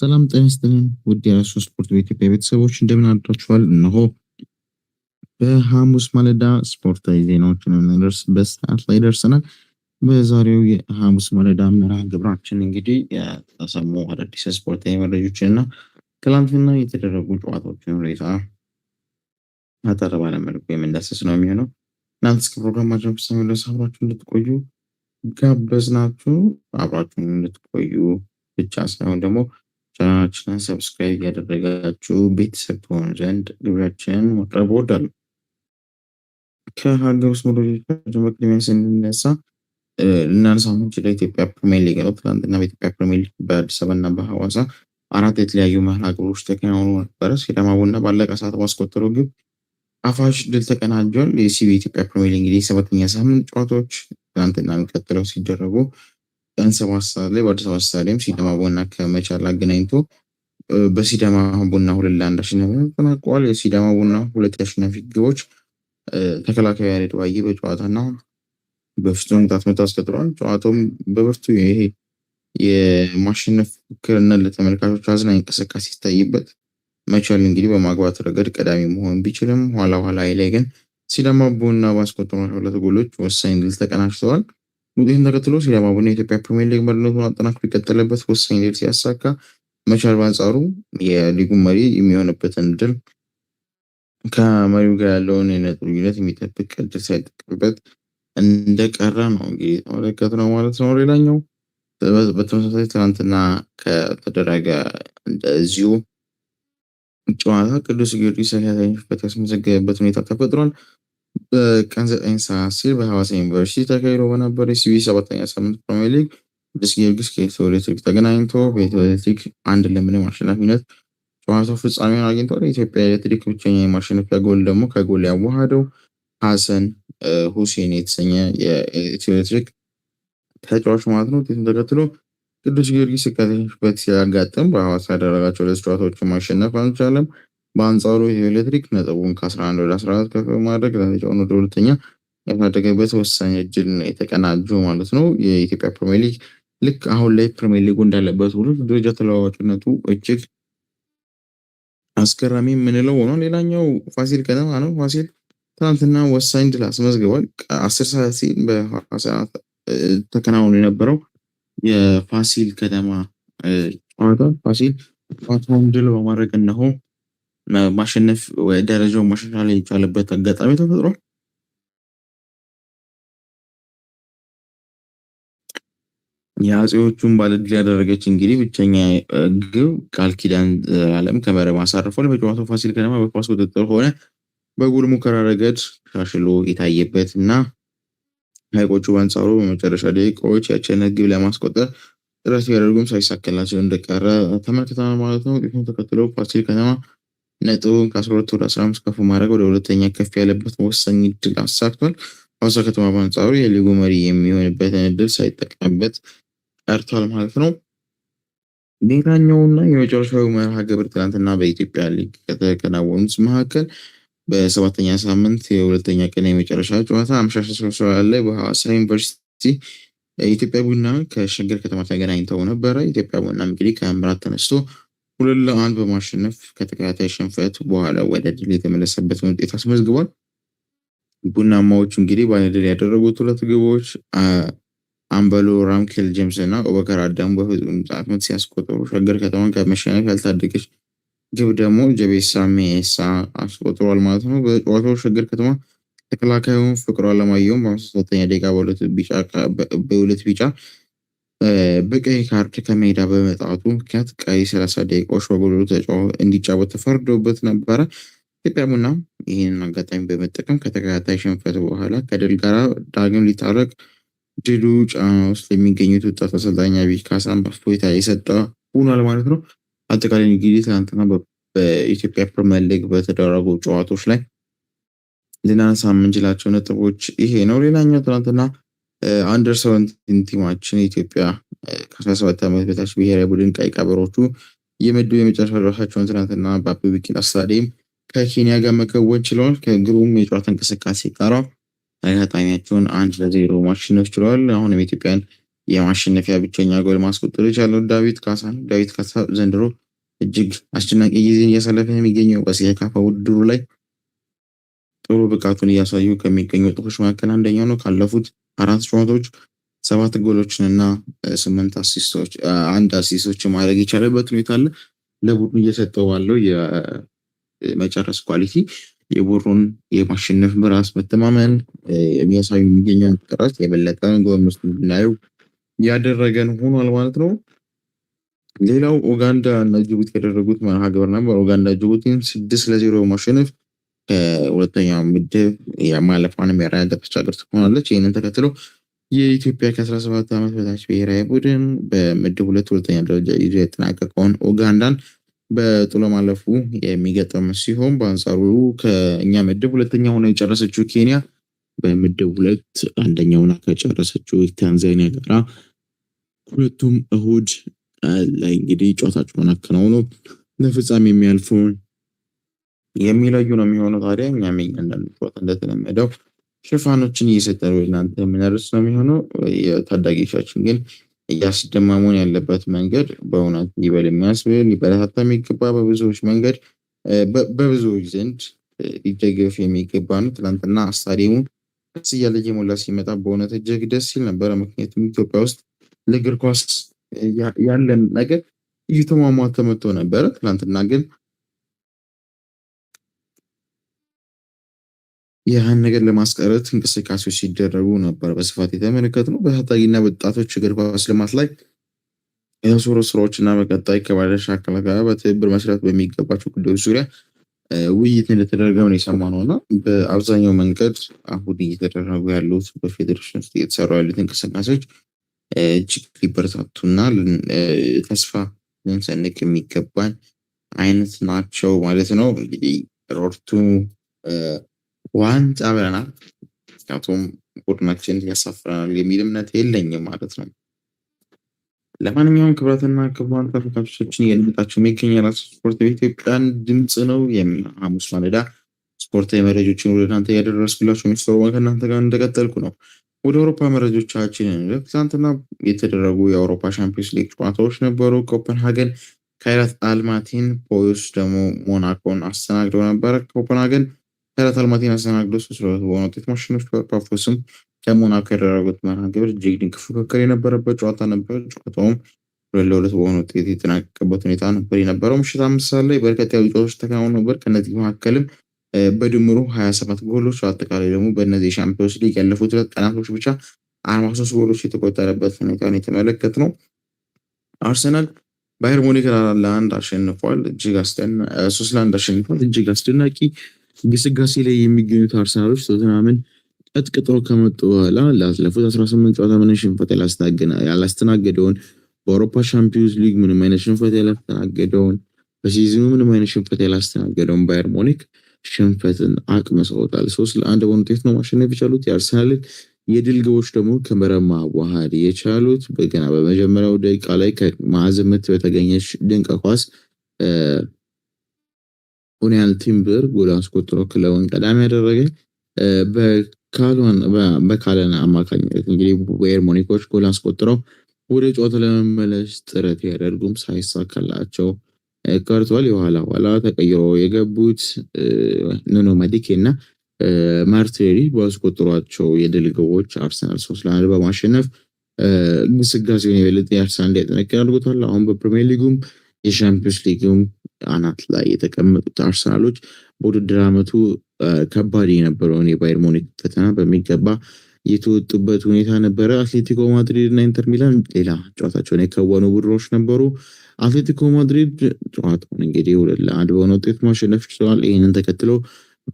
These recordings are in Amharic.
ሰላም ጤና ይስጥልን ውድ የራሱ ስፖርት በኢትዮጵያ ቤተሰቦች እንደምን አድራችኋል? እነሆ በሐሙስ ማለዳ ስፖርታዊ ዜናዎችን የምናደርስበት ሰዓት ላይ ደርሰናል። በዛሬው የሐሙስ ማለዳ መርሃ ግብራችን እንግዲህ የተሰሙ አዳዲስ ስፖርታዊ መረጆችን እና ትላንትና የተደረጉ ጨዋታዎችን ሁኔታ አጠር ባለ መልኩ የምንዳሰስ ነው የሚሆነው። እናንተ እስከ ፕሮግራማችን ፍጻሜ ድረስ አብራችሁ እንድትቆዩ ጋበዝናችሁ። አብራችሁን እንድትቆዩ ብቻ ሳይሆን ደግሞ ቻናላችንን ሰብስክራይብ እያደረጋችሁ ቤተሰብ ትሆኑ ዘንድ ግብራችንን ማቅረብ ወዳሉ ከሀገር ውስጥ መረጃዎች በቅድሚያ ስንነሳ ልናነሳ ምንችለው ኢትዮጵያ ፕሪሚየር ሊግ ነው። ትናንትና በኢትዮጵያ ፕሪሚየር ሊግ በአዲስ አበባና በሐዋሳ አራት የተለያዩ መርሃ ግብሮች ተከናውኑ ነበረ። ሲዳማ ቡና ባለቀ ሰዓት ባስቆጠረው ግብ አፋሽ ድል ተቀናጇል። የሲቢ ኢትዮጵያ ፕሪሚየር ሊግ እንግዲህ ሰባተኛ ሳምንት ጨዋታዎች ትናንትና የሚቀጥለው ሲደረጉ ጥቅምት ሰባት ሰዓት ላይ በአዲስ አበባ ስታዲየም ሲዳማ ቡና ከመቻል አገናኝቶ በሲዳማ ቡና ሁለት ለአንድ አሸናፊነት ተጠናቋል። የሲዳማ ቡና ሁለት አሸናፊ ግቦች ተከላካዩ ያሬድ ዋዬ በጨዋታና በፍጹም ቅጣት ምት አስቆጥረዋል። ጨዋታውም በብርቱ ይሄ የማሸነፍ ፉክክርና ለተመልካቾች አዝናኝ እንቅስቃሴ ሲታይበት መቻል እንግዲህ በማግባት ረገድ ቀዳሚ መሆን ቢችልም ኋላ ኋላ ላይ ግን ሲዳማ ቡና ባስቆጠሯቸው ሁለት ጎሎች ወሳኝ ድል ተቀናጅተዋል። ውጤትን ተከትሎ ሲዳማ ቡና የኢትዮጵያ ፕሪሚየር ሊግ መሪነቱን አጠናክሮ የቀጠለበት ወሳኝ ድል ሲያሳካ መቻል በአንጻሩ የሊጉ መሪ የሚሆንበትን ድል ከመሪው ጋር ያለውን የነጥብ ልዩነት የሚጠብቅ ድል ሳይጠቅምበት እንደቀረ ነው እንግዲህ የተመለከት ነው ማለት ነው። ሌላኛው በተመሳሳይ ትናንትና ከተደረገ እንደዚሁ ጨዋታ ቅዱስ ጊዮርጊስ ሰፊ ሽንፈት ያስመዘገበበት ሁኔታ ተፈጥሯል። በቀን 9 ሰዓት ሲል በሐዋሳ ዩኒቨርሲቲ ተካሂዶ በነበረ የሲቪ ሰባተኛ ሳምንት ፕሪሚየር ሊግ ቅዱስ ጊዮርጊስ ከኢትዮ ኤሌክትሪክ ተገናኝቶ በኢትዮ ኤሌክትሪክ አንድ ለምንም አሸናፊነት ጨዋታው ፍጻሜውን አግኝቷል። የኢትዮጵያ ኤሌክትሪክ ብቸኛ የማሸነፊያ ጎል ደግሞ ከጎል ያዋሃደው ሀሰን ሁሴን የተሰኘ የኢትዮ ኤሌክትሪክ ተጫዋች ማለት ነው። ውጤቱን ተከትሎ ቅዱስ ጊዮርጊስ ሲከተሽበት ሲያጋጥም በሐዋሳ ያደረጋቸው ሁለት ጨዋታዎችን ማሸነፍ አልቻለም። በአንጻሩ ይህ ኤሌክትሪክ ነጥቡን ከ11 ወደ 14 ከፍ በማድረግ ደረጃውን ወደ ሁለተኛ ያሳደገበት ወሳኝ እድል የተቀናጁ ማለት ነው። የኢትዮጵያ ፕሪሚየር ሊግ ልክ አሁን ላይ ፕሪሚየር ሊጉ እንዳለበት ሁሉ ደረጃ ተለዋዋጭነቱ እጅግ አስገራሚ የምንለው ሆኖ ሌላኛው ፋሲል ከተማ ነው። ፋሲል ትናንትና ወሳኝ ድል አስመዝግቧል። አስር ሰዓት ሲል በሐዋሳ ተከናውኑ የነበረው የፋሲል ከተማ ጨዋታ ፋሲል ጨዋታውን ድል በማድረግ እነሆ ማሸነፍ ደረጃውን ማሻሻል የቻለበት አጋጣሚ ተፈጥሯል? የአጼዎቹን ባለድል ያደረገች እንግዲህ ብቸኛ ግብ ቃል ኪዳን ዘላለም ከመረብ አሳርፏል። በጨዋታው ፋሲል ከነማ በኳስ ቁጥጥር ሆነ በጎል ሙከራ ረገድ ተሻሽሎ የታየበት እና ሀይቆቹ በአንጻሩ በመጨረሻ ደቂቃዎች ያቸነ ግብ ለማስቆጠር ጥረት ቢያደርጉም ሳይሳካላቸው እንደቀረ ተመልክተናል ማለት ነው። ውጤቱን ተከትለው ፋሲል ከነማ ነጥቡን ከአስራሁለት ወደ አስራ አምስት ከፍ ማድረግ ወደ ሁለተኛ ከፍ ያለበት ወሳኝ ድል አሳክቷል። ሐዋሳ ከተማ በአንጻሩ የሊጉ መሪ የሚሆንበትን እድል ሳይጠቀምበት ቀርቷል ማለት ነው። ሌላኛውና የመጨረሻዊ መርሃ ግብር ትናንትና በኢትዮጵያ ሊግ ከተከናወኑት መካከል በሰባተኛ ሳምንት የሁለተኛ ቀን የመጨረሻ ጨዋታ አምሻሻ ሰብሰባ ላይ በሐዋሳ ዩኒቨርሲቲ ኢትዮጵያ ቡና ከሸገር ከተማ ተገናኝተው ነበረ። ኢትዮጵያ ቡና እንግዲህ ከምራት ተነስቶ ሁለት ለአንድ በማሸነፍ ከተከታታይ ሽንፈት በኋላ ወደ ድል የተመለሰበትን ውጤት አስመዝግቧል። ቡናማዎቹ እንግዲህ ባለድል ያደረጉት ሁለት ግቦች አምበሎ ራምኬል ጀምስ እና ኦበከር አዳሙ በፍጹም ቅጣት ምት ሲያስቆጥሩ ሸገር ከተማን ከመሸነፍ ያልታደገች ግብ ደግሞ ጀቤሳ ሜሳ አስቆጥሯል ማለት ነው። በጨዋታው ሸገር ከተማ ተከላካዩን ፍቅሩ አለማየሁም በአምሳ ሰባተኛ ደቂቃ በሁለት ቢጫ በቀይ ካርድ ከሜዳ በመጣቱ ምክንያት ቀይ 30 ደቂቃዎች በጎሉ እንዲጫወት ተፈርዶበት ነበረ። ኢትዮጵያ ቡና ይህንን አጋጣሚ በመጠቀም ከተከታታይ ሽንፈት በኋላ ከድል ጋር ዳግም ሊታረቅ ድሉ ጫና ውስጥ የሚገኙት ወጣት አሰልጣኝ አብይ ካሳን እፎይታ የሰጠ ሆኗል ማለት ነው። አጠቃላይ እንግዲህ ትናንትና በኢትዮጵያ ፕሪሚየር ሊግ በተደረጉ ጨዋታዎች ላይ ልናነሳ የምንችላቸው ነጥቦች ይሄ ነው። ሌላኛው ትናንትና አንደርሰን ቲማችን ኢትዮጵያ ከ17 ዓመት በታች ብሔራዊ ቡድን ቀይ ቀበሮቹ የምድብ የመጨረሻ ጨዋታቸውን ትናንትና በአበበ ቢቂላ ስታዲየም ከኬንያ ጋር መከወን ችለዋል። ከግሩም የጨዋታ እንቅስቃሴ ጋራ ተጋጣሚያቸውን አንድ ለዜሮ ማሸነፍ ችለዋል። አሁንም ኢትዮጵያን የማሸነፊያ ብቸኛ ጎል ማስቆጠር የቻለው ዳዊት ካሳ ነው። ዳዊት ካሳ ዘንድሮ እጅግ አስደናቂ ጊዜን እያሳለፈ የሚገኘው በሴካፋ ውድድሩ ላይ ጥሩ ብቃቱን እያሳዩ ከሚገኙ ወጣቶች መካከል አንደኛው ነው ካለፉት አራት ጨዋታዎች ሰባት ጎሎችን እና ስምንት አሲስቶች አንድ አሲስቶች ማድረግ የቻለበት ሁኔታ አለ። ለቡድኑ እየሰጠው ባለው የመጨረስ ኳሊቲ የቡድኑን የማሸነፍ በራስ መተማመን የሚያሳዩ የሚገኘው ጥረት የበለጠ ጎን ውስጥ ያደረገን ሆኗል ማለት ነው። ሌላው ኡጋንዳ እና ጅቡቲ ያደረጉት መርሃ ግብር ነበር። ኡጋንዳ ጅቡቲን ስድስት ለዜሮ ማሸነፍ ከሁለተኛው ምድብ የማለፏንም የራያ ሀገር ትሆናለች። ይህንን ተከትሎ የኢትዮጵያ ከ17 ዓመት በታች ብሔራዊ ቡድን በምድብ ሁለት ሁለተኛ ደረጃ ይዞ ያጠናቀቀውን ኡጋንዳን በጥሎ ማለፉ የሚገጥም ሲሆን በአንጻሩ ከእኛ ምድብ ሁለተኛ ሆነ የጨረሰችው ኬንያ በምድብ ሁለት አንደኛ ሆና ከጨረሰችው ታንዛኒያ ጋራ ሁለቱም እሁድ ላይ እንግዲህ ጨዋታቸውን አከናውነው ለፍጻሜ የሚያልፈውን የሚለዩ ነው የሚሆነው። ታዲያ እኛ እያንዳንዱ ጨዋታ እንደተለመደው ሽፋኖችን እየሰጠን ወደ እናንተ የምናደርስ ነው የሚሆነው። ታዳጊዎቻችን ግን እያስደማሙን ያለበት መንገድ በእውነት ሊበል የሚያስብል ሊበረታታ የሚገባ በብዙዎች መንገድ በብዙዎች ዘንድ ሊደገፍ የሚገባ ነው። ትናንትና ስታዲየሙ ደስ እያለ እየሞላ ሲመጣ በእውነት እጅግ ደስ ሲል ነበረ። ምክንያቱም ኢትዮጵያ ውስጥ ለእግር ኳስ ያለን ነገር እየተሟሟ ተመቶ ነበረ። ትናንትና ግን ይህን ነገር ለማስቀረት እንቅስቃሴዎች ሲደረጉ ነበር በስፋት የተመለከትነው። በታዳጊና ወጣቶች እግር ኳስ ልማት ላይ የተሰሩ ስራዎችና በቀጣይ ከባለድርሻ አካላት ጋር በትብብር መስራት በሚገባቸው ጉዳዮች ዙሪያ ውይይት እንደተደረገ ነው የሰማነው እና በአብዛኛው መንገድ አሁን እየተደረጉ ያሉት በፌዴሬሽን ውስጥ እየተሰሩ ያሉት እንቅስቃሴዎች እጅግ ሊበረታቱና ተስፋ ልንሰንቅ የሚገባን አይነት ናቸው ማለት ነው። እንግዲህ ሮርቱ ዋንጫ ብለናል። ምክንያቱም ቡድናችን ያሳፍረናል የሚል እምነት የለኝም ማለት ነው። ለማንኛውም ክብራትና ክቡራን ተመልካቾቻችን የንመጣቸው የሚገኝ የራሱ ስፖርት በኢትዮጵያን ድምፅ ነው። ሐሙስ ማለዳ ስፖርታዊ መረጃዎችን ወደ እናንተ እያደረስኩላችሁ ሚኒስትሩ ከእናንተ ጋር እንደቀጠልኩ ነው። ወደ አውሮፓ መረጃዎቻችን ትናንትና የተደረጉ የአውሮፓ ሻምፒዮንስ ሊግ ጨዋታዎች ነበሩ። ኮፐንሃገን ካይራት አልማቲን፣ ፖዩስ ደግሞ ሞናኮን አስተናግደው ነበረ። ኮፐንሃገን በዕለተ አልማት ያስተናግደው ሶስት ለሁለት በሆነ ውጤት ማሸነፍ ችሏል። ፓፎስም ከሞናኮ ያደረጉት መርሃ ግብር እጅግ ድንቅ ፉክክር የነበረበት ጨዋታ ነበር። ጨዋታውም ሁለት ለሁለት በሆነ ውጤት የተጠናቀቀበት ሁኔታ ነበር የነበረው። ምሽት አምስት ሰዓት ላይ በርከት ያሉ ጨዋታዎች ተከናውነው ነበር። ከእነዚህ መካከልም በድምሩ ሀያ ሰባት ጎሎች አጠቃላይ ደግሞ በእነዚህ የሻምፒዮንስ ሊግ ያለፉት ሁለት ቀናቶች ብቻ አርባ ሶስት ጎሎች የተቆጠረበት ሁኔታን የተመለከት ነው። አርሰናል ባየር ሙኒክ ለአንድ አሸንፏል። ሶስት ለአንድ አሸንፏል። እጅግ አስደናቂ ግስጋሴ ላይ የሚገኙት አርሰናሎች ቶተንሃምን ቀጥቅጠው ከመጡ በኋላ ላለፉት 18 ጨዋታ ምንም ሽንፈት ያላስተናገደውን በአውሮፓ ሻምፒዮንስ ሊግ ምንም አይነት ሽንፈት ያላስተናገደውን በሲዝኑ ምንም አይነት ሽንፈት ያላስተናገደውን ባየር ሞኒክ ሽንፈትን አቅምሰውታል። ሶስት ለአንድ በሆነ ውጤት ነው ማሸነፍ የቻሉት። የአርሰናልን የድል ግቦች ደግሞ ከመረብ ማዋሃድ የቻሉት በገና በመጀመሪያው ደቂቃ ላይ ከማዕዘን ምት በተገኘች ድንቅ ኳስ ኡናያን ቲምብር ጎል አስቆጥሮ ክለቡን ቀዳሚ ያደረገ በካለን አማካኝነት እንግዲህ ባየር ሙኒኮች ጎል አስቆጥረው ወደ ጨዋታ ለመመለስ ጥረት ያደርጉም ሳይሳካላቸው ቀርቷል። የኋላ ኋላ ተቀይሮ የገቡት ኑኖ ማዲኬ እና ማርቴሊ ባስቆጥሯቸው የድል ግቦች አርሰናል ሶስት ለአንድ በማሸነፍ ግስጋሴውን የበለጠ የአርሰናል እንዲያጠነክር አድርጎታል። አሁን በፕሪሚየር ሊጉም የሻምፒዮንስ ሊግም አናት ላይ የተቀመጡት አርሰናሎች በውድድር ዓመቱ ከባድ የነበረውን የባየር ሙኒክ ፈተና በሚገባ የተወጡበት ሁኔታ ነበረ። አትሌቲኮ ማድሪድ እና ኢንተር ሚላን ሌላ ጨዋታቸውን የከወኑ ቡድኖች ነበሩ። አትሌቲኮ ማድሪድ ጨዋታውን እንግዲህ ሁለት ለአንድ በሆነ ውጤት ማሸነፍ ችለዋል። ይህንን ተከትሎ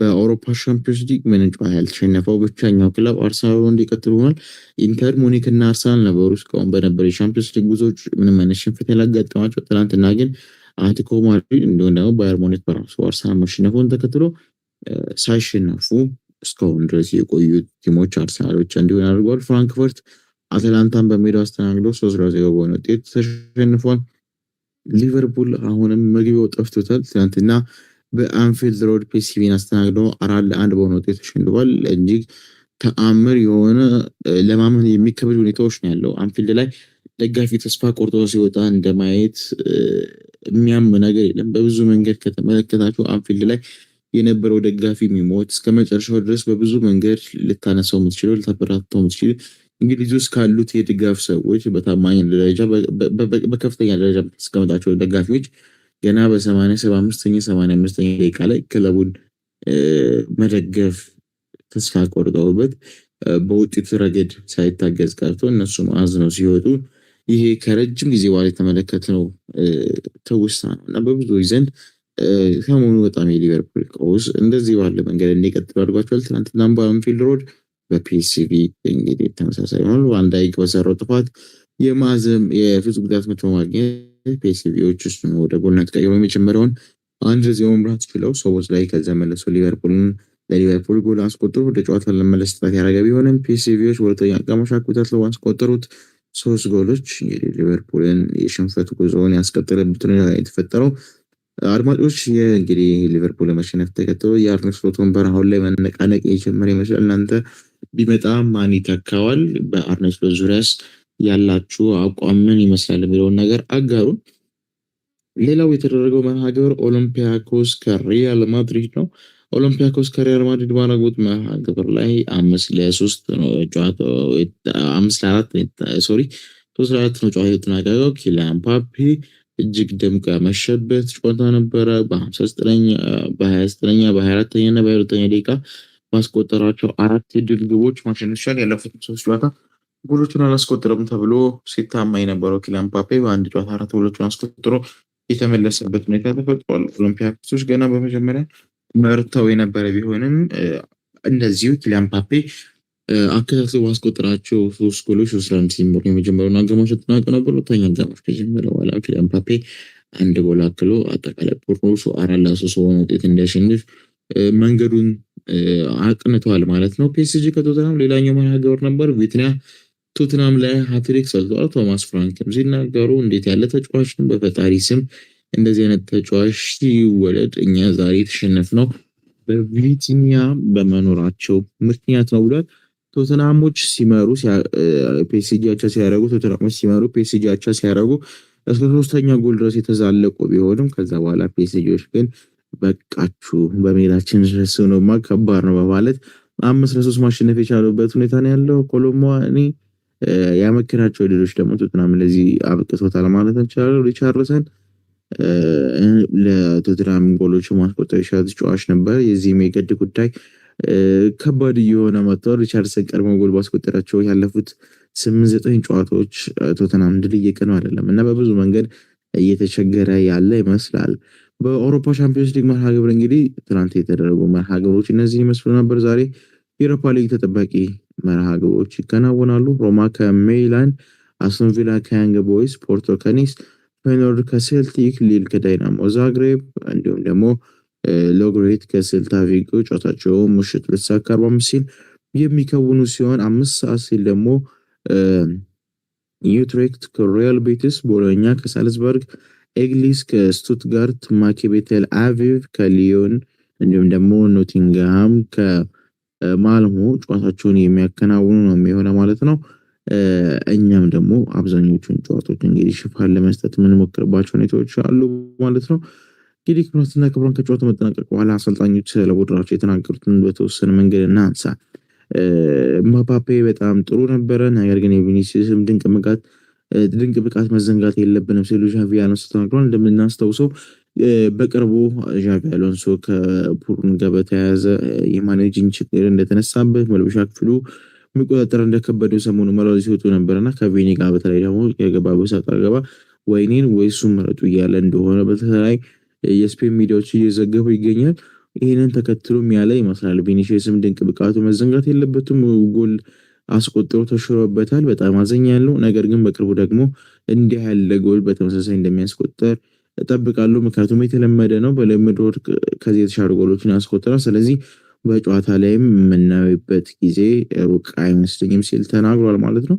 በአውሮፓ ሻምፒዮንስ ሊግ ምንም ጨዋታ ያልተሸነፈው ብቸኛው ክለብ አርሰናል እንዲቀጥል ሆኗል። ኢንተር ሙኒክ እና አርሰናል ነበሩ እስካሁን በነበረ የሻምፒዮንስ ሊግ ጉዞዎች ምንም አይነት ሽንፈት ያላጋጠማቸው። ትናንትና ግን አትሌቲኮ ማድሪድ እንዲሁም ደግሞ ባየር ሙኒክ በራሱ አርሰናል መሸነፉን ተከትሎ ሳይሸነፉ እስካሁን ድረስ የቆዩ ቲሞች አርሰናሎች እንዲሆን አድርጓል። ፍራንክፈርት አትላንታን በሜዳው አስተናግዶ ሶስት ለዜሮ በሆነ ውጤት ተሸንፏል። ሊቨርፑል አሁንም መግቢያው ጠፍቶታል። ትናንትና በአንፊልድ ሮድ ፒኤስቪን አስተናግዶ አራት ለአንድ በሆነ ውጤት ተሸንፏል። እጅግ ተአምር የሆነ ለማመን የሚከብድ ሁኔታዎች ነው ያለው አንፊልድ ላይ ደጋፊ ተስፋ ቆርጦ ሲወጣ እንደማየት የሚያም ነገር የለም። በብዙ መንገድ ከተመለከታችሁ አንፊልድ ላይ የነበረው ደጋፊ የሚሞት እስከ መጨረሻው ድረስ በብዙ መንገድ ልታነሳው የምትችለው ልታበረታታው የምትችል እንግሊዝ ውስጥ ካሉት የድጋፍ ሰዎች በታማኝ ደረጃ በከፍተኛ ደረጃ ተስቀምጣቸው ደጋፊዎች ገና በሰማንያ ሰባ አምስተኛ ሰማንያ አምስተኛ ደቂቃ ላይ ክለቡን መደገፍ ተስፋ ቆርጠውበት በውጤቱ ረገድ ሳይታገዝ ቀርቶ እነሱም አዝነው ሲወጡ ይሄ ከረጅም ጊዜ በኋላ የተመለከትነው ትውስታ ነው እና በብዙዎች ዘንድ ሰሞኑ በጣም የሊቨርፑል ቀውስ እንደዚህ ባለ መንገድ እንዲቀጥል አድርጓቸዋል። ትናንትና በአንፊልድ ሮድ በፒኤስቪ እንግዲህ ተመሳሳይ ሆኑ። ቫን በሰራው ጥፋት የማዘም የፍጹም ቅጣት ምት በማግኘት ፒኤስቪዎች እሱን ወደ ጎልነት ቀይሮ የመጀመሪያውን አንድ ጊዜ መምራት ችለው ሰዎች ላይ ከዚያ መለሰው ሊቨርፑልን ለሊቨርፑል ጎል አስቆጥሮ ወደ ጨዋታ ለመለስ ጥፋት ያደረገ ቢሆንም ፒኤስቪዎች ወደ አጋማሽ አኩታት ለው አስቆጠሩት። ሶስት ጎሎች ሊቨርፑልን የሽንፈት ጉዞውን ያስቀጠለበት የተፈጠረው አድማጮች እንግዲህ ሊቨርፑል ለመሸነፍ ተከትሎ የአርነ ስሎትን ላይ መነቃነቅ የጀመረ ይመስላል። እናንተ ቢመጣ ማን ይተካዋል? በአርነ ስሎት ዙሪያስ ያላችሁ አቋም ምን ይመስላል የሚለውን ነገር አጋሩን። ሌላው የተደረገው መርሃ ግብር ኦሎምፒያኮስ ከሪያል ማድሪድ ነው። ኦሎምፒያኮስ ከሪያል ማድሪድ ባረጉት መርሃ ግብር ላይ አምስት ለሶስት ነው አምስት ለአራት ሶሪ ሶስት ለአራት ነው ጨዋታ የተጠናቀቀው። ኪሊያን ምባፔ እጅግ ደምቆ ያመሸበት ጨዋታ ነበረ። በ29ኛ በ24ኛ እና በ22ኛ ደቂቃ ማስቆጠራቸው አራት የድል ግቦች ማሸነፍ ችሏል። ያለፉት ሶስት ጨዋታ ጎሎቹን አላስቆጠረም ተብሎ ሲታማ የነበረው ኪሊያን ምባፔ በአንድ ጨዋታ አራት ጎሎቹን አስቆጥሮ የተመለሰበት ሁኔታ ተፈጥሯል። ኦሎምፒያኮሶች ገና በመጀመሪያ መርተው የነበረ ቢሆንም እንደዚሁ ኪሊያን ፓፔ አከታትሎ ባስቆጠራቸው ሶስት ጎሎች ሶስት ለአንድ ሲመሩ የመጀመሪያውን አጋማሽ ተጠናቀ ነበር። ሁለተኛ አጋማሽ ከጀመረ በኋላ ኪሊያን ፓፔ አንድ ጎል አክሎ አጠቃላይ ፖርኖሱ አራት ለሶስት በሆነ ውጤት እንዲያሸንፍ መንገዱን አቅንተዋል ማለት ነው። ፒኤስጂ ከቶትናም ሌላኛው መርሃ ግብር ነበር። ቪትኒያ ቶትናም ላይ ሀትሪክ ሰርተዋል። ቶማስ ፍራንክም ሲናገሩ እንዴት ያለ ተጫዋች ነው በፈጣሪ ስም እንደዚህ አይነት ተጫዋች ሲወለድ እኛ ዛሬ ነው በቪቲኒያ በመኖራቸው ምክንያት ነው ብሏል። ቶተናሞች ሲመሩ ፔሲጂ ሲያደረጉ ቶተናሞች ሲመሩ ፔሲጂ ሲያደረጉ እስከ ሶስተኛ ጎል ድረስ የተዛለቁ ቢሆንም ከዛ በኋላ ፔሲጂዎች ግን በቃችሁ በሜዳችን ስኖማ ከባድ ነው በማለት አምስት ለሶስት ማሸነፍ የቻሉበት ሁኔታ ነው ያለው። ኮሎሞኒ ያመክናቸው ሌሎች ደግሞ ቶትናም እንደዚህ አብቅቶታል ማለት እንችላለን። ሪቻርልሰን ለቶትናም ጎሎች ማስቆጠር የቻለ ተጫዋች ነበር። የዚህም የቀድ ጉዳይ ከባድ እየሆነ መጥተዋል። ሪቻርድሰን ቀድሞ ጎል ባስቆጠራቸው ያለፉት ስምንት ዘጠኝ ጨዋታዎች ቶተናም ድል እየቀነው አይደለም እና በብዙ መንገድ እየተቸገረ ያለ ይመስላል። በአውሮፓ ሻምፒዮንስ ሊግ መርሃ ግብር እንግዲህ ትናንት የተደረጉ መርሃ ግብሮች እነዚህ ይመስሉ ነበር። ዛሬ የአውሮፓ ሊግ ተጠባቂ መርሃ ግብሮች ይከናወናሉ። ሮማ ከሜይላንድ፣ አስቶንቪላ ከያንግ ቦይስ፣ ፖርቶ ከኒስ ፈይኖርድ ከሴልቲክ፣ ሊል ከዳይናሞ ዛግሬብ እንዲሁም ደግሞ ሎግሬት ከስልታ ቪጎ ጨዋታቸው ምሽት ሁለት ሰዓት ከአርባ አምስት ሲል የሚከውኑ ሲሆን አምስት ሰዓት ሲል ደግሞ ዩትሬክት ከሮያል ቤትስ፣ ቦሎኛ ከሳልስበርግ፣ ኤግሊስ ከስቱትጋርት፣ ማኬቤቴል አቪቭ ከሊዮን እንዲሁም ደግሞ ኖቲንግሃም ከማልሞ ጨዋታቸውን የሚያከናውኑ ነው የሚሆነ ማለት ነው። እኛም ደግሞ አብዛኞቹን ጨዋታዎች እንግዲህ ሽፋን ለመስጠት የምንሞክርባቸው ሁኔታዎች አሉ ማለት ነው። እንግዲህ ክብረትና ክብረን ከጨዋታ መጠናቀቅ በኋላ አሰልጣኞች ለቡድናቸው የተናገሩትን በተወሰነ መንገድ እናንሳ። ማፓፔ በጣም ጥሩ ነበረ፣ ነገር ግን የቪኒሲስም ድንቅ ምጋት ድንቅ ብቃት መዘንጋት የለብንም ሲሉ ዣቪ አሎንሶ ተናግረዋል። እንደምናስታውሰው በቅርቡ ዣቪ አሎንሶ ከቡድን ጋር በተያያዘ የማኔጅን ችግር እንደተነሳበት መልበሻ ክፍሉ መቆጣጠር እንደከበደው ሰሞኑ መረጃ ሲወጡ ነበርና ከቬኒ ጋር በተለይ ደግሞ የገባ በሳት አገባ ወይኔን ወይ እሱን ምረጡ እያለ እንደሆነ በተለይ የስፔን ሚዲያዎች እየዘገቡ ይገኛል። ይህንን ተከትሎም ያለ ይመስላል። ቪኒሽስም ድንቅ ብቃቱ መዘንጋት የለበትም። ጎል አስቆጥሮ ተሽሮበታል። በጣም አዘኛለሁ። ነገር ግን በቅርቡ ደግሞ እንዲህ ያለ ጎል በተመሳሳይ እንደሚያስቆጠር እጠብቃለሁ። ምክንያቱም የተለመደ ነው። በልምድ ከዚህ የተሻሉ ጎሎችን ያስቆጥራል። ስለዚህ በጨዋታ ላይም የምናይበት ጊዜ ሩቅ አይመስለኝም ሲል ተናግሯል ማለት ነው።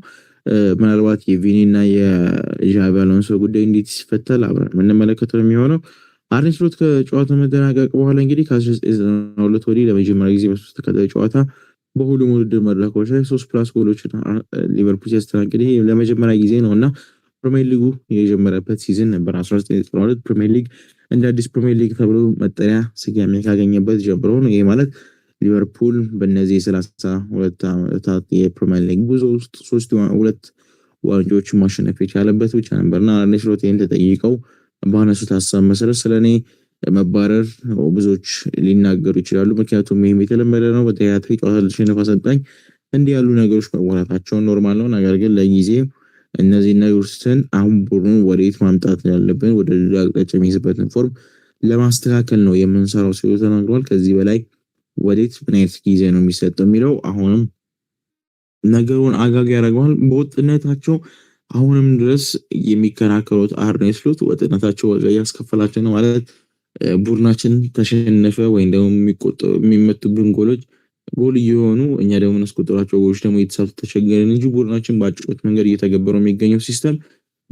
ምናልባት የቪኒ እና የዣቢ አሎንሶ ጉዳይ እንዴት ሲፈተል አብረን የምንመለከተው የሚሆነው አርኔ ስሎት ከጨዋታ መጠናቀቅ በኋላ እንግዲህ ከ1992 ወዲህ ለመጀመሪያ ጊዜ በሶስት ተከታታይ ጨዋታ በሁሉም ውድድር መድረኮች ላይ ሶስት ፕላስ ጎሎች ሊቨርፑል ሲያስተናግድ ለመጀመሪያ ጊዜ ነው እና ፕሪሚየር ሊጉ የጀመረበት ሲዝን ነበር 1992 ፕሪሚየር ሊግ እንደ አዲስ ፕሪሚየር ሊግ ተብሎ መጠሪያ ስያሜ ካገኘበት ጀምሮ ነው። ይህ ማለት ሊቨርፑል በእነዚህ የሰላሳ ሁለት ዓመታት የፕሪሚየር ሊግ ጉዞ ውስጥ ሶስት ሁለት ዋንጫዎች ማሸነፍ የቻለበት ብቻ ነበር ነበርና አርኔ ይህን ተጠይቀው ባነሱት ሀሳብ መሰረት ስለ እኔ መባረር ብዙዎች ሊናገሩ ይችላሉ። ምክንያቱም ይህም የተለመደ ነው። በተከታታይ ጨዋታ ልሽነፍ አሰልጣኝ እንዲህ ያሉ ነገሮች መወራታቸውን ኖርማል ነው። ነገር ግን ለጊዜ እነዚህ ነገሮችን አሁን ቡድኑ ወዴት ማምጣት ያለብን ወደ ሌላ አቅጣጫ የሚይዝበትን ፎርም ለማስተካከል ነው የምንሰራው ሲሉ ተናግረዋል። ከዚህ በላይ ወዴት ምን አይነት ጊዜ ነው የሚሰጠው የሚለው አሁንም ነገሩን አጋግ ያደርገዋል። በወጥነታቸው አሁንም ድረስ የሚከራከሩት አርነ ስሎት ወጥነታቸው ዋጋ እያስከፈላቸው ነው ማለት ቡድናችን ተሸነፈ ወይም ደግሞ የሚመጡብን ጎሎች ጎል እየሆኑ እኛ ደግሞ እናስቆጠራቸው ጎሎች ደግሞ የተሳቱ ተቸገረን እንጂ ቡድናችን በአጭቆት መንገድ እየተገበረው የሚገኘው ሲስተም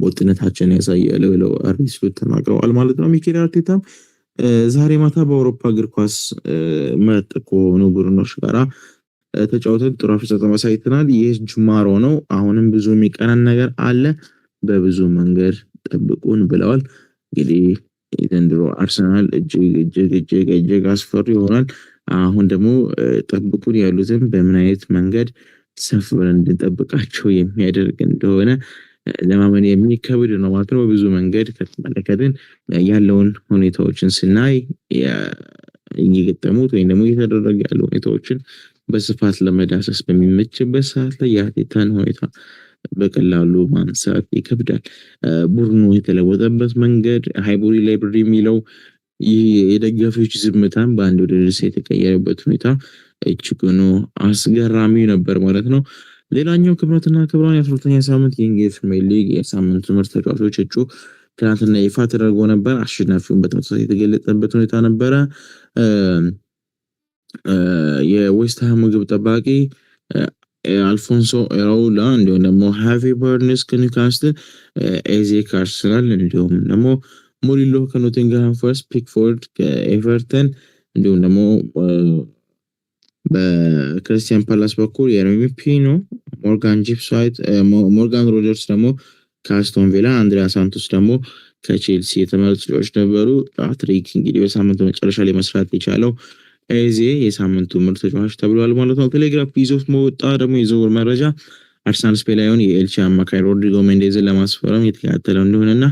ወጥነታችን ያሳያል ብለው አርኔስ ስሎት ተናግረዋል ማለት ነው። ሚኬል አርቴታም ዛሬ ማታ በአውሮፓ እግር ኳስ መጥ ከሆኑ ቡድኖች ጋራ ተጫውተን ጥሩ ፍጻሜ አሳይተናል። ይህ ጅማሮ ነው። አሁንም ብዙ የሚቀናን ነገር አለ። በብዙ መንገድ ጠብቁን ብለዋል። እንግዲህ የዘንድሮ አርሰናል እጅግ እጅግ እጅግ እጅግ አስፈሪ ይሆናል። አሁን ደግሞ ጠብቁን ያሉትን በምን አይነት መንገድ ሰፍ ብለን እንድንጠብቃቸው የሚያደርግ እንደሆነ ለማመን የሚከብድ ነው ማለት ነው። በብዙ መንገድ ከተመለከትን ያለውን ሁኔታዎችን ስናይ እየገጠሙት ወይም ደግሞ እየተደረገ ያለ ሁኔታዎችን በስፋት ለመዳሰስ በሚመችበት ሰዓት ላይ የአቴታን ሁኔታ በቀላሉ ማንሳት ይከብዳል። ቡድኑ የተለወጠበት መንገድ ሃይቡሪ ላይብረሪ የሚለው ይህ የደጋፊዎች ዝምታን በአንድ ወደ ድርስ የተቀየረበት ሁኔታ እጅጉኑ አስገራሚ ነበር ማለት ነው። ሌላኛው ክብረትና ክብራን የአስራሁለተኛ ሳምንት የእንግሊዝ ፕሪሚየር ሊግ የሳምንቱ ምርጥ ተጫዋቾች እጩ ትናንትና ይፋ ተደርጎ ነበር። አሸናፊውን በተመሳሳይ የተገለጠበት ሁኔታ ነበረ። የዌስትሃም ግብ ጠባቂ አልፎንሶ ኤራውላ እንዲሁም ደግሞ ሃቪ በርንስ ከኒውካስትል፣ ኤዜ ከአርሰናል እንዲሁም ደግሞ ሞሪሎ ከኖቲንግሃም ፎረስት፣ ፒክፎርድ ከኤቨርተን እንዲሁም ደግሞ በክርስቲያን ፓላስ በኩል የረሚ ፒኖ፣ ሞርጋን ጂፕስዋይት፣ ሞርጋን ሮጀርስ ደግሞ ከአስቶን ቪላ፣ አንድሪያ ሳንቶስ ደግሞ ከቼልሲ የተመረጡ ልጆች ነበሩ። ፓትሪክ እንግዲህ በሳምንቱ መጨረሻ ላይ መስራት የቻለው ኤዜ የሳምንቱ ምርጥ ተጫዋች ተብሏል ማለት ነው። ቴሌግራፍ ይዞት መወጣ ደግሞ የዝውውር መረጃ አርሰናል ስፔላዊውን የኤልቺ አማካይ ሮድሪጎ ሜንዴዝን ለማስፈረም የተከታተለው እንደሆነ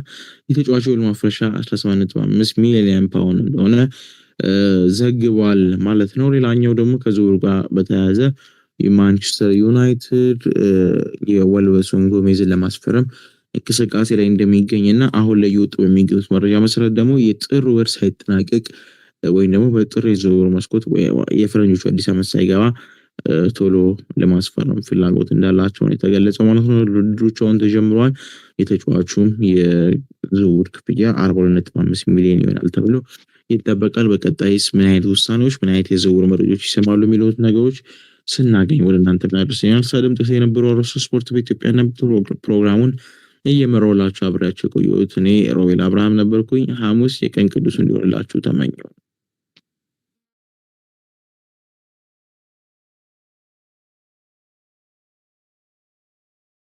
የተጫዋቹ ውል ማፍረሻ 175 ሚሊዮን ፓውንድ እንደሆነ ዘግቧል ማለት ነው። ሌላኛው ደግሞ ከዝውውሩ ጋር በተያያዘ የማንቸስተር ዩናይትድ የወልበሱን ጎሜዝን ለማስፈረም እንቅስቃሴ ላይ እንደሚገኝና አሁን ላይ የወጡ በሚገኙት መረጃ መሰረት ደግሞ የጥር ወር ሳይጠናቀቅ ወይም ደግሞ በጥር የዝውውር መስኮት የፈረንጆቹ አዲስ አመት ሳይገባ ቶሎ ለማስፈረም ፍላጎት እንዳላቸው ነው የተገለጸው ማለት ነው። ድርድሮች አሁን ተጀምረዋል። የተጫዋቹም የዝውውር ክፍያ አርባ ሁለት ነጥብ አምስት ሚሊዮን ይሆናል ተብሎ ይጠበቃል። በቀጣይስ ምን አይነት ውሳኔዎች፣ ምን አይነት የዝውውር መረጃዎች ይሰማሉ የሚሉት ነገሮች ስናገኝ ወደ እናንተ ምናደርስ ይሆናል። ሳድምጥስ የነበረው አሮስ ስፖርት በኢትዮጵያ ነብ ፕሮግራሙን እየመራሁላችሁ አብሬያቸው የቆየሁት እኔ ሮቤል አብርሃም ነበርኩኝ። ሐሙስ የቀን ቅዱስ እንዲሆንላችሁ ተመኘው።